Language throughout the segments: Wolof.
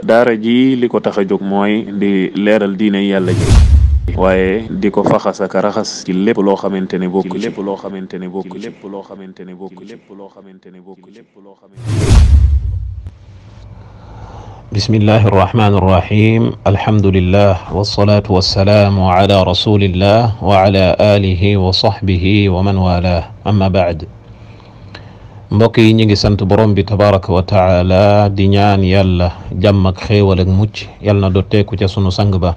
daara ji li ko tax jóg moy di leral diine yàlla ji waye diko faxas ak raxas ci lépp lo xamantene bokku ci lépp lo xamantene bokku ci lépp lo xamantene bokku ci lépp lo xamantene bokku ci lépp lo xamantene bismillahi arrahmani arrahim alhamdulillah wassalatu wassalaamu ala rasulillah wa ala alihi wa sahbihi wa man walah amma baad mbokk yi ñu ngi sant borom bi tabaraka wa taala di ñaan yàlla jàmm ak mucc yàlla na dotteeku ca sunu sang ba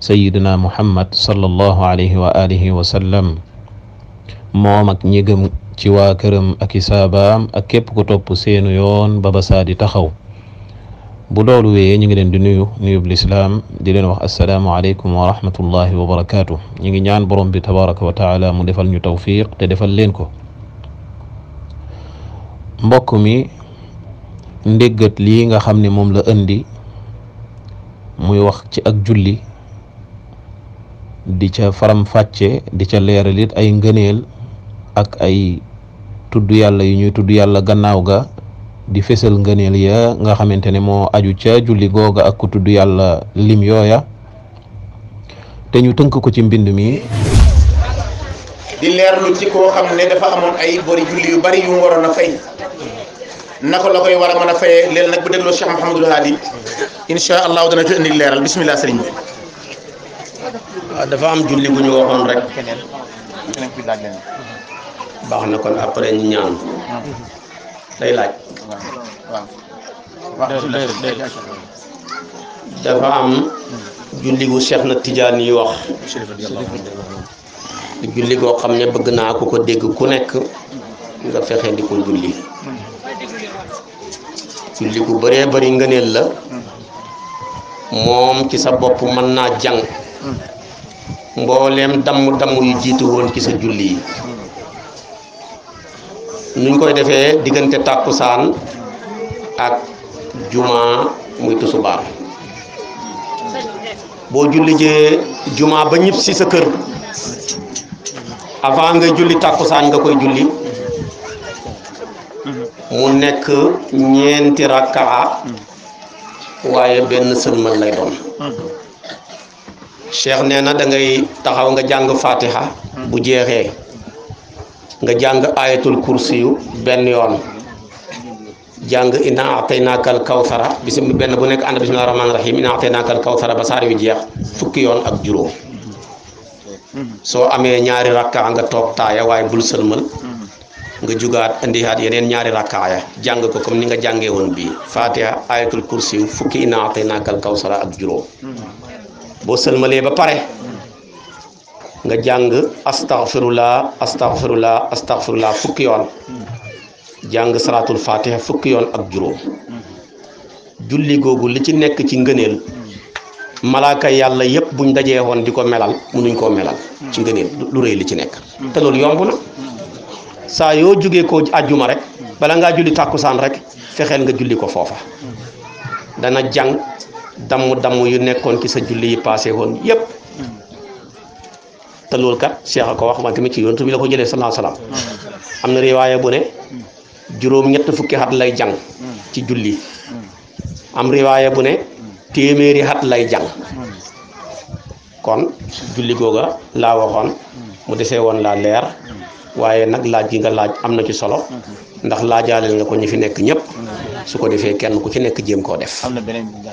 sayiduna muhammad sallallahu alayhi wa alihi wa sallam moom ak ñi gëm ci waa këram ak i saabaam ak képp ku topp seenu yoon ba ba di taxaw buloolu loolu wéyee ñu ngi leen di nuyu nuyub lislaam di leen wax assalaamu aleykum wa rahmatullahi wa barakaatu ñu ngi ñaan borom bi tabaraka wa taala mu defal ñu tawfiq te defal leen ko mbokk mi ndéggat lii nga xam ne moom la indi muy wax ci ak julli di ca faram fàcce di ca leeral it ay ngëneel ak ay tudd yàlla yu ñuy tudd yàlla gannaaw ga di fésal ngëneel ya nga xamante ne moo aju ca julli googa ak ku tudd yàlla lim yooya te ñu tënk ko ci mbind mi di leerlu ci koo xam ne dafa amoon ay bori julli yu bari yu mu waroon a fay nako la koy wara a fayé lél nak bu déglu Cheikh mohammedou Hadi insha allah dana ci indi leeral bisimilah sëriñ bi. dafa am julli bu ñu waxon rek. baax na kon après ñu ñaan. day laaj. dafa am. julli gu Cheikh na Tidiane yi wax. julli go xamne bëgg na ko ko dégg ku nekk nga fexé di ko julli julli gu bare bare ngëneel la mom ci sa bop man na jang mbollem dam dam yu jitu won ci sa julli nuñ koy defé digënté takusan ak juma muy tusubaar bo julli je juma ba ñëpp ci sa kër avant nga julli takusan nga koy julli mu nek ñenti rak'a waye ben sëlmal lay doon cheikh neena da ngay taxaw nga jang fatiha bu jexé nga jang ayatul kursi ben yoon jang inna atainaka al kawsara bisim ben bu nek and bismillahir rahmanir rahim inna atainaka al kawsara ba saar yu jeex fukki yoon ak juro hmm. so amé ñaari rak'a nga toog taaya waye bul sëlmal nga jugaat indihaat yeneen ñaari rakkaaya jàng ko comme ni nga jàngee woon bii fatiha ayatul kursi fukki innaa kaw kawsara ak juróom boo sëlmalee ba pare nga jàng astaghfirullah astaghfirullah astaghfirullah fukki yoon jàng salaatul fatiha fukki yoon ak juróom julli googu li ci nekk ci ngëneel malaaka yàlla yëpp buñ dajee di ko melal munuñ koo melal ci ngëneel lu rëy li ci nekk te loolu yomb na saa yoo jógee ko ajjuma rek bala ngaa julli tàkku tàkkusaan rek fexeel nga julli ko foofa dana jàng damm damm yu nekkoon ci sa julli yi passé woon yépp te kat Cheikh a ko wax man tamit ci yonent bi la ko jëlee salaa salaam am na riwaaya bu ne juróom ñett fukki xat lay jàng ci julli am riwaaya bu ne téeméeri xat lay jàng kon julli googa laa waxoon mu desee woon laa leer waaye nag laaj gi nga laaj am na ci solo ndax laajaaleel nga ko ñu fi nekk ñëpp su ko defee kenn ku ci nekk jéem koo def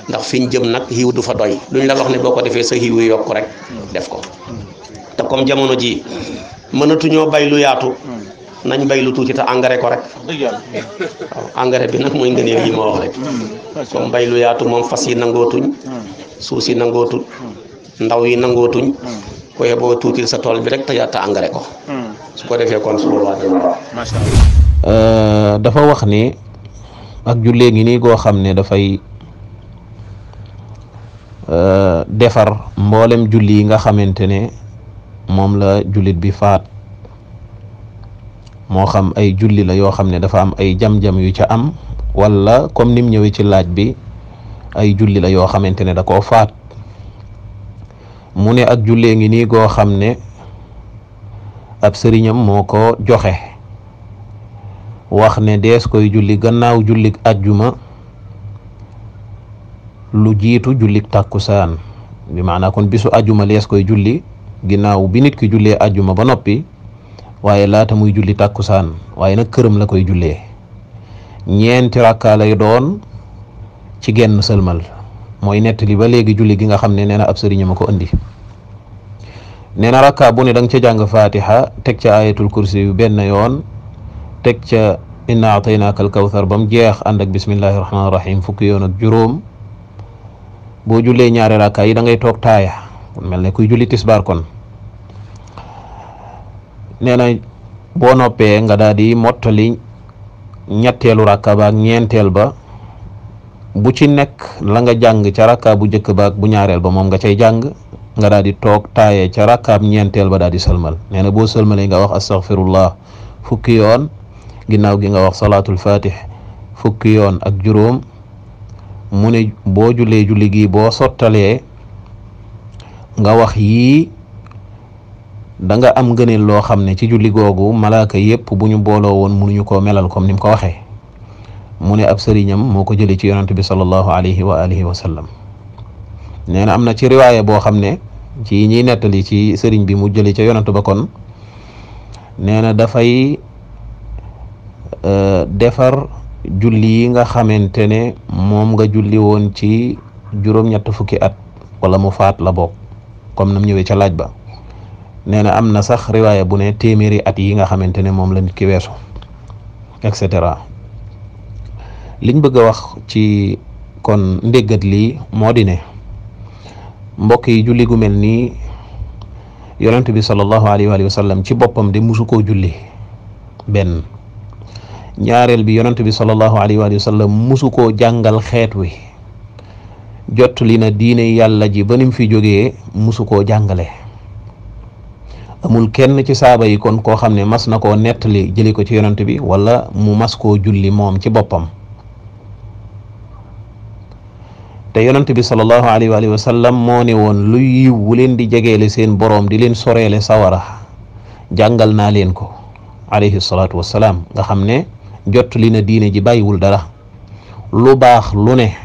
ndax fi ñu jëm nag xiiw du fa doy lu ñu la wax ne boo ko defee sa xiiw yokk rek def ko te comme jamono ji mënatuñoo bay lu yaatu nañ bay lu tuuti te engrais ko rek waaw engrais bi nag mooy ngëneel yi ma wax rek hmm. comme bay lu yaatu moom fas yi nangootuñ hmm. suus yi nangootuñ hmm. ndaw yi nangootuñ ko yeboo tuuti sa tool bi rek te yaata engrais ko su defee kon euh, dafa wax ni ak jullee ngi nii goo xam ne dafay euh, defar mboolem julli yi nga xamante ne moom la jullit bi faat moo xam ay julli la yoo xam ne dafa am ay jam-jam yu ca am walla comme nim ñëwee ci laaj bi ay julli la yoo xamante ne dakoo koo faat mu ne ak jullee ngi nii goo xam ne. ab sëriñam moo ko joxe wax ne dees koy julli gannaaw jullik ajuma lu jiitu jullik tàkkusaan bi maanaa kon bisu ajuma lees koy julli ginnaaw bi nit ki jullee ajjuma ba noppi waaye laata muy julli tàkkusaan waaye nag këram la koy jullee ñeenti rakka lay doon ci genn sëlmal mooy nettali ba léegi julli gi nga xam ne nee na ab sëriñam a ko indi nee na rakka bu ne da nga ca jàng fatiha teg ca ayatul kursi yu benn yoon teg ca inna ataynaaka alkawthar ba mu jeex ànd ak bismillahi rahmaani rahim fukki yoon ak juróom boo jullee ñaari rakka yi da ngay toog taaya mel ne kuy julli tisbaar kon nee boo noppee nga daal mottali ñetteelu rakka ba ñeenteel ba bu ci nekk la nga jàng ca rakka bu njëkk ba bu ñaareel ba moom nga cay jàng nga daal di tok taaye ca rakkaab ñeenteel ba daal di sëlmal nee na boo nga wax astaghfirullah fukki yoon ginnaaw gi nga wax salatul fatih fukki yoon ak juroom mune bo julé julli gi bo sotalé nga wax yi da nga am gëné lo xamné ci julli gogou malaaka yépp bu ñu won mënuñu ko melal comme nim ko waxé mune ab sëriñam moko jëlé ci yaronte bi sallallahu alayhi wa alihi wa sallam nee na am na ci riwaaye boo xam ne ci ñiy nettali ci sëriñ bi mu jëli ca yonantu ba kon nee na dafay euh, defar julli yi nga xamante ne moom nga julli woon ci juróom-ñett fukki at wala mu faat la bokk comme nam ñëwee ca laaj ba nee na am na sax riwaaya bu ne téeméeri at yi nga xamante ne moom la nit ki weesu et cetera liñ bëgg a wax ci kon ndéggat li moo di ne mbokk yi julli gu mel nii yonent bi sallallahu alayhi wa ci boppam de musu koo julli benn ñaareel bi yonent bi sallallahu alayhi wa sallam musu koo jàngal xeet wi jot na diine yàlla ji ba nim fi jógee musu koo jàngale amul kenn ci saaba yi kon koo xam ne mas na koo nettali jëli ko ci yonent bi walla mu mas koo julli moom ci boppam te yonante bi sallallahu Alaihi wa sallam mo ne won lu yiw len di jegeele seen borom di len soreele sawara jangal na len ko alayhi salatu wa nga xamne jot li na diine ji bayiwul dara lu bax lu ne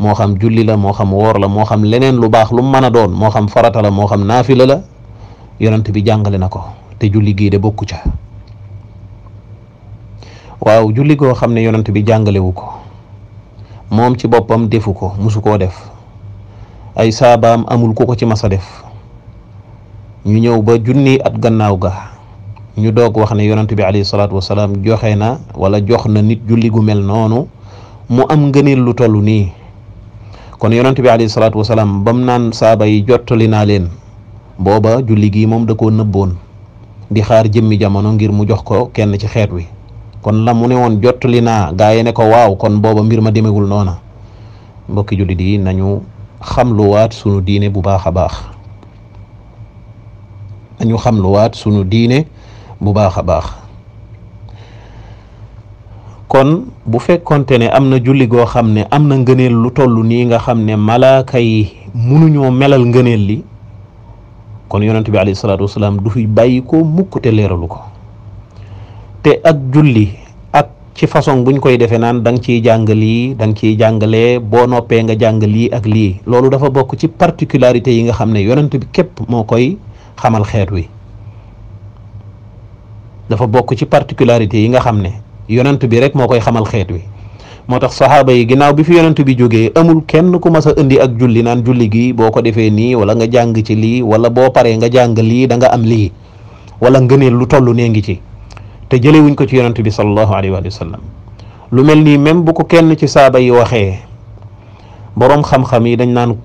mo xam julli la mo xam wor la mo xam leneen lu bax lu meena doon mo xam farata la mo xam nafila la yonante bi te julli gi de bokku ca waaw julli go xamne yonante bi jangale wuko moom ci boppam defu ko musu koo def ay saabaam amul ku ko ci mas a def ñu ñëw ba junni at gannaaw ga ñu doog wax ne yonent bi alayhi salaatu wasalaam joxe na wala jox na nit julli gu mel noonu mu am ngëni lu toll nii kon yonent bi alayhi salaatu wasalaam bam naan saaba yi jottali naa leen booba julli gi moom da koo nëbboon di xaar jëmmi jamono ngir mu jox ko kenn ci xeet wi kon la mu ne woon jottali naa gaa yi ne ko waaw kon booba mbir ma demewul noona mbokki jullit yi nañu xam luwaat sunu diine bu baax a baax nañu xam luwaat diine bu baax a baax kon bu fekkonte ne am na julli goo xam ne am na ngëneel lu toll nii nga xam ne malaaka yi munuñoo melal ngëneel li kon yonent bi alayhi salaatu wasalaam du fi bàyyi ko mukk te leeralu ko te ak julli ak ci façon buñ koy defee nan dang ci ciy jàng lii da nga ciy jàngalee nga jàng ak li lolu dafa bok ci particularité yi nga xamné ne yonent bi képp mo koy xamal xéet wi dafa bok ci particularité yi nga xamné bi rek mo koy xamal xéet wi motax sahaba yi ginaaw bi fi yonent bi joggé amul kenn ku massa indi ak julli nan julli gi boko ko ni wala nga jang ci li wala bo paré nga jàng da nga am li wala ngeene lu tollu ne ngi ci te jëlewuñ ko ci yonent bi sallallahu alayhi wa sallam lu mel nii même bu ko kenn ci saaba yi waxee boroom xam-xam yi dañ naan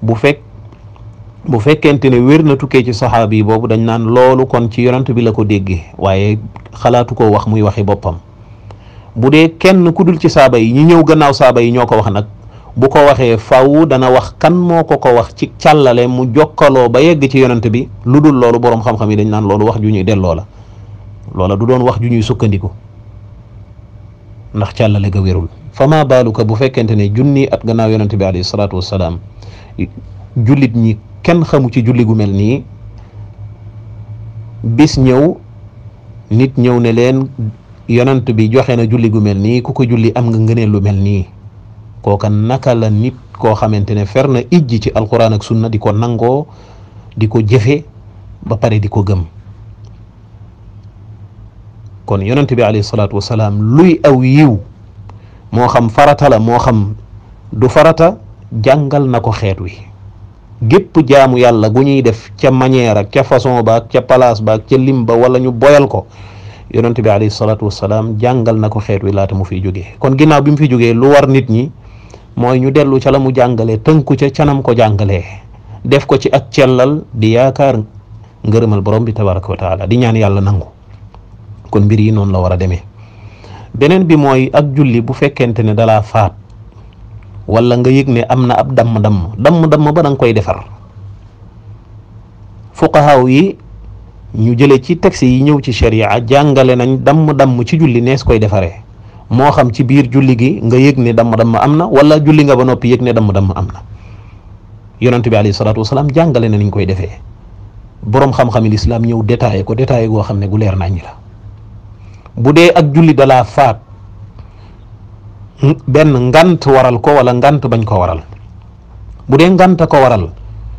bu fekk bu fekkente ne wér na tukkee ci saxaaba yi boobu dañ naan loolu kon ci yonent bi la ko déggee waaye xalaatu koo wax muy waxi boppam bu dee kenn ku dul ci saaba yi ñi ñëw gannaaw saaba yi ñoo ko wax nag bu ko waxee faw dana wax kan moo ko ko wax ci càllale mu jokkaloo ba yegg ci yonent bi lu dul loolu boroom xam-xam yi dañ naan loolu wax ju ñuy delloo la loola du doon wax ju ñuy sukkandiku ndax càllale ga wérul fama baaluka bu fekkente ne junni at gannaaw yonente bi alayhi salaatu wasalaam jullit ñi kenn xamu ci julli gu mel nii bis ñëw nit ñëw ne leen yonent bi joxe na julli gu mel nii ku ko julli am nga ngëneel lu mel nii kooka naka la nit koo xamante ne fer na ijji ci alquran ak sunna di ko nangoo di ko jëfe ba pare di ko gëm kon yonent bi alayhi salaatu wasalaam luy aw yiw moo xam faratala moo xam du farata jàngal na ko xeet wi gépp jaamu yàlla gu ñuy def ca manière ak ca façon ba ca place ba ca lim ba wala ñu boyal ko yonent bi alayhi salaatu wasalaam jàngal na ko xeet wi laata mu fi jógee kon ginnaaw bi mu fi jógee lu war nit ñi mooy ñu dellu ca la mu jàngalee tënku ca canam ko jàngalee def ko ci ak cellal di yaakaar ngërëmal borom bi tabaraka wa taala di ñaan yàlla nangu kon mbir yi noonu la war a demee beneen bi mooy ak julli bu fekkente ne dalaa faat wala nga yëg ne am na ab damm-damm damm-damm ba da koy defar fuqahaaw yi ñu jële ci texte yi ñëw ci sharia jàngale nañ damm-damm ci julli nees koy defaree moo xam ci biir julli gi nga yëg ne damm-damm am na wala julli nga ba noppi yëg ne damm-damm am na yonent bi alayhi salaatu wasalaam jàngale na niñ koy defee boroom xam-xami lislaam ñëw détaillé ko détaillé goo xam ne gu leer nañ la bu dee ak julli dalaa faat benn ngant waral ko wala ngant bañ ko waral bu dee ngant ko waral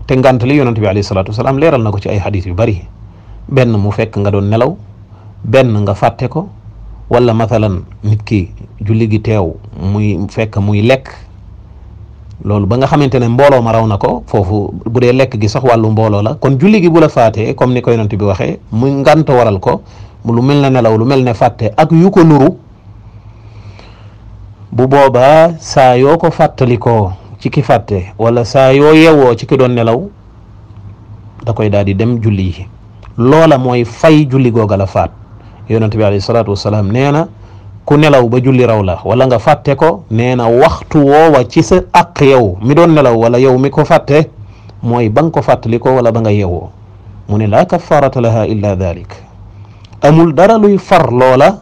te ngant li yonent bi alayhi salaatu wasalaam leeral na ko ci ay xadis yu bari benn mu fekk nga doon nelaw benn nga fàtte ko wala mathalan nit ki julli gi teew muy fekk muy lekk loolu ba nga xamante ne mbooloo ma raw na ko foofu bu dee lekk gi sax wàllu mbooloo la kon julli gi bu la faatee comme ni ko yonent bi waxee muy ngant waral ko lu mel na nelaw lu mel ne fàtte ak yuko ko nuru bu booba saa yoo ko fàttalikoo ci ki fàtte wala saa yoo yewoo ci ki nelaw da koy daal di dem julli yi loola mooy fay julli googa la faat yonent bi alayhi salaatu wasalaam nee na ku nelaw ba julli raw la wala nga fàtte ko nee na waxtu woowa ci sa àq yow mi doon nelaw wala yow mi ko fàtte mooy ba nga ko fàttalikoo wala ba nga yewoo mu ne laa kafaarata laha illa dalik amul dara luy far loola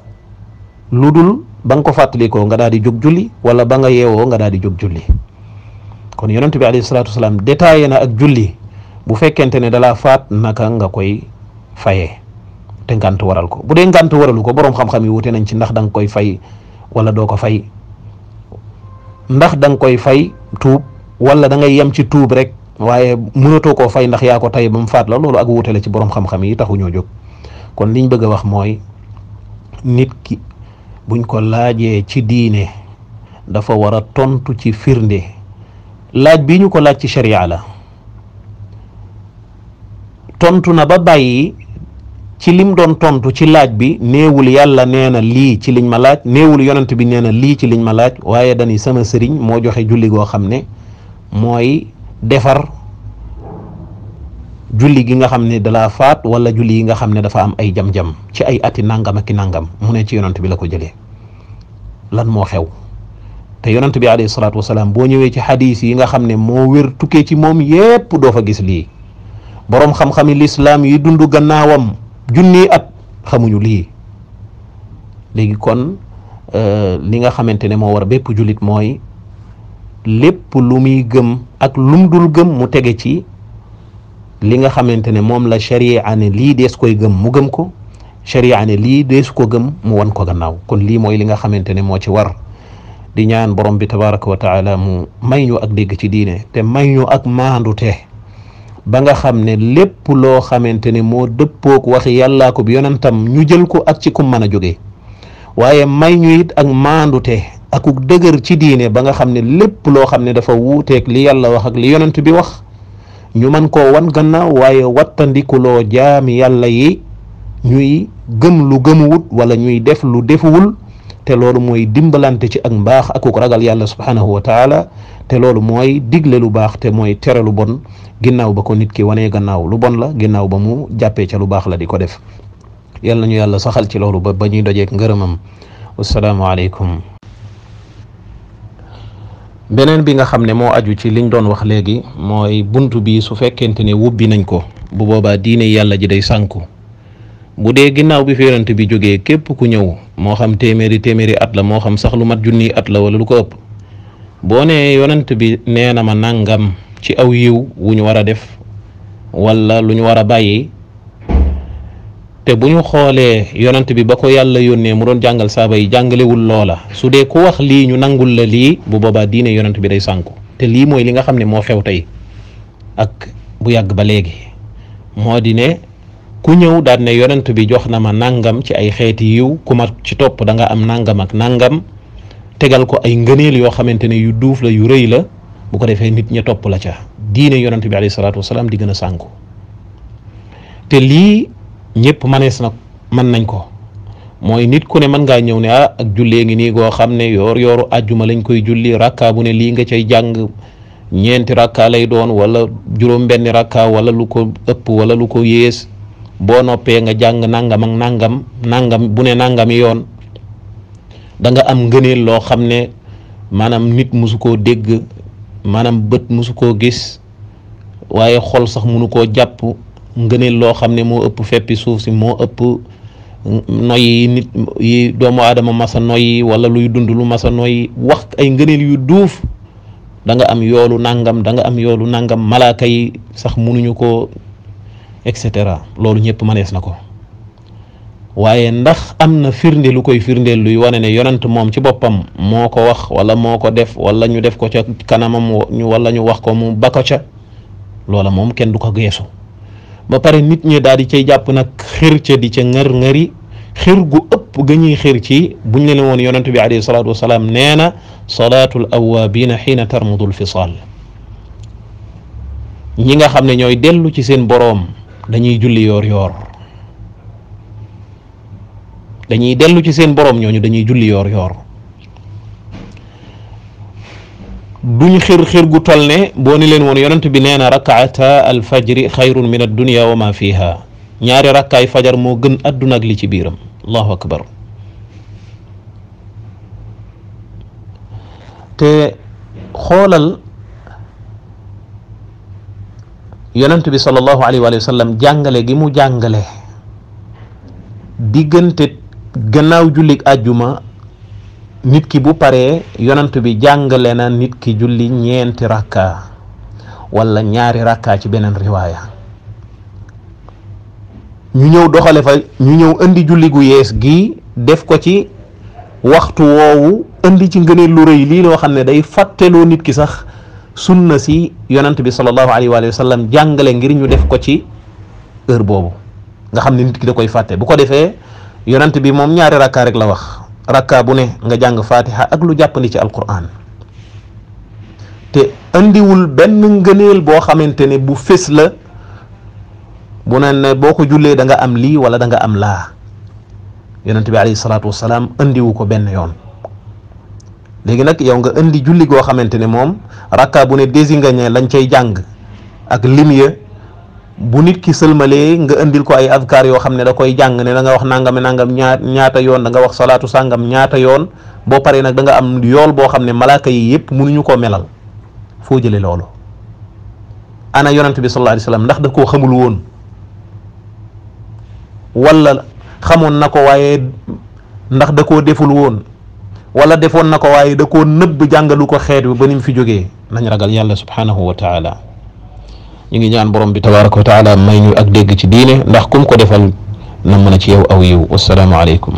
lu dul ba nga ko fàttalikoo nga daal di jóg julli wala ba nga yeewoo nga daal di jóg julli kon yonent bi alayhi salaatu wasalaam détaillé na ak julli bu fekkente ne dalaa faat naka nga koy fayee te ngànt waral ko bu dee ngànt waralu ko borom xam-xam yi wute nañ ci ndax da koy fay wala doo ko fay ndax da koy fay tuub wala da ngay yem ci tuub rek waaye mënatoo ko fay ndax yaa ko tay ba mu faat la loolu ak wutele ci borom xam-xam yi taxu jóg kon liñ bëgg a wax mooy nit ki buñ ko laajee ci diine dafa war a tontu ci firnde laaj bi ñu ko laaj ci sharia la tontu na ba bàyyi ci lim doon tontu ci laaj bi neewul yàlla nee na lii ci liñ ma laaj néewul yonent bi nee lii ci liñ ma laaj waaye dañuy sama sëriñ moo joxe julli goo xam ne mooy defar julli gi nga xam ne dalaa faat wala julli yi nga xam ne dafa am ay jam-jam ci ay ati nangam aki nangam mu ne ci yonant bi la ko jëlee lan moo xew te yonant bi alayhi salaatu wasalaam boo ñëwee ci xadiis yi nga xam ne moo wér tukkee ci moom yépp doo fa gis lii boroom xam-xami lislaam yi dund gannaawam junni at xamuñu lii léegi kon euh, li nga xamante ne moo war bépp jullit mooy lépp lu muy gëm ak lum dul gëm mu tege ci li nga xamante ne moom la sharia ne lii des koy gëm mu gëm ko sharia ne lii dees ko gëm mu wan ko gannaaw kon lii mooy li nga xamante ne moo ci war di ñaan borom bi tabaraka wa taala mu may ñu ak dégg ci diine te may ñu ak maandute ba nga xam ne lépp loo xamante ne moo dëppoog waxi yàllaa ko bi yonentam ñu jël ko ak ci kum mën a jógee waaye may ñu it ak dëgër ci diine ba nga xam ne lépp loo xam ne dafa wuuteeg li yàlla wax ak li yonent bi wax ñu man koo wan gannaaw waaye wattandiku loo jaami yàlla yi ñuy gëm lu gëmuwut wala ñuy def lu defuwul te loolu mooy dimbalante ci ak mbaax ak ko ragal yàlla subhanahu wa taala te loolu mooy digle lu baax te mooy tere lu bon ginnaaw ba ko nit ki wane gannaaw lu bon la ginnaaw ba mu jàppee ca lu baax la di ko def yal nañu yàlla saxal ci loolu ba ba ñuy dojeek ngërëmam wassalaamu aleykum beneen bi nga xam ne moo aju ci liñ doon wax léegi mooy bunt bi su fekkente ne wubbi nañ ko bu boobaa diine yàlla ji day sànku bu dee ginnaaw bi fi yonent bi jógee képp ku ñëw moo xam téeméeri téeméeri at la moo xam sax lu mat junniy at la wala lu ko ëpp boo nee yonent bi nee na ma nangam ci aw yiw wu ñu war a def wala lu ñu war a bàyyi te bu ñu xoolee yonent bi ba ko yàlla yónnee mu doon jàngal saaba yi jàngalewul loola su dee ku wax lii ñu nangul la lii bu boobaa diine yonent bi day sànku te lii mooy li nga xam ne moo xew tey ak bu yàgg ba léegi moo di ne ku ñëw daan ne yonent bi jox na ma nangam ci ay xeeti yiw ku ma ci topp da nga am nangam ak nangam tegal ko ay ngëneel yoo xamante ne yu duuf la yu rëy la bu ko defee nit ña topp la ca diine yonent bi alayhi salaatu wasalaam di gën a sànku ñëpp manees na mën nañ ko mooy nit ku ne mën ngaa ñëw ne ah ak jullee ngi nii goo xam ne yoor yooru àjjuma lañ koy julli rakka bu ne lii nga cay jàng ñeenti rakka lay doon wala juróom benni rakka wala lu ko ëpp wala lu ko yées boo noppee nga jàng nangam ak nangam nangam bu ne nangami yoon danga am ngëneel loo xam ne maanaam nit musu koo dégg maanaam bët musu koo gis waaye xol sax munu koo jàpp ngëneel loo xam ne moo ëpp feppi suuf si moo ëpp noyyi nit yi doomu aadama masa noyi wala luy dund lu masa noyyi wax ay ngëneel yu duuf danga am yoolu nangam da nga am yoolu nangam malaaka sax munuñu ko et cetera loolu ñëpp mënees na ko waaye ndax am na firnde lu koy firndeel luy wane ne yonent moom ci boppam moo ko wax wala moo ko def wala ñu def ko ca kanamam ñu ñu wax ko mu bako ca loola moom kenn du ko geesu ba pare nit ñi daal di cay jàpp nag xir ca di ca ngar ngari xir gu ëpp ga ñuy xir ci buñ le ne woon yonent bi alayhi salaatu wasalaam nee na salaatul awaabiina xiina tarmudul fisaal ñi nga xam ne ñooy dellu ci seen boroom dañuy julli yoor yoor dañuy dellu ci seen boroom ñooñu dañuy julli yoor yoor duñ xir xir gu toll ne boo leen woon yonent bi nee na rakaata alfajri xayrun min ñaari rakkaay fajar moo gën adduna ak li ci biiram allahu akbar te xoolal yonent bi sallallahu alayhi wa sallam jàngale gi mu jàngale diggante gannaaw jullig ajuma nit ki bu paree yonant bi jàngale na nit ki julli ñeenti rakka walla ñaari ràkkaa ci beneen riwaaya ñu ñëw doxale fa ñu ñëw indi julli gu yees gi def ko ci waxtu woowu indi ci ngëneel lu rëy lii loo xam ne day fàtteloo nit ki sax sunna si yonant bi sallallahu alayhi wa sallam jàngale ngir ñu def ko ci heure boobu nga xam ne nit ki da koy fàtte bu ko defee yonant bi moom ñaari rakka rek la wax rakka bu ne nga jàng fatiha ak lu jàppandi ci alquran te indiwul benn ngëneel boo xamante ne bu fés la bu ne ne boo ko jullee da nga am lii wala da nga am laa yonent bi alayhi salaatu wasalaam indiwu ko benn yoon léegi nag yow nga indi julli goo xamante ne moom ne bu ne désigné lañ cay jàng ak lim ya bu nit ki sëlmalee nga indil ko ay adkaar yoo xam ne da koy jàng ne da nga wax nangam nangam ñaar ñaata yoon da nga wax salaatu sàngam ñaata yoon boo paree nag danga am yool boo xam ne malaaka yi yëpp mënuñu koo melal foo jëlee loolu ana yonent bi sallallahu alayhi wasallam ndax da koo xamul woon wala xamoon na ko waaye ndax da koo deful woon wala defoon na ko waaye da koo nëbb jàngalu ko xeet bi ba ni mu fi jógee nañ ragal yàlla subhanahu wa ñu ngi ñaan borom bi tabaraka wa taala may ñu ak dégg ci diine ndax kum ko defal na mën a ci yow aw yiw wassalaamu aleykum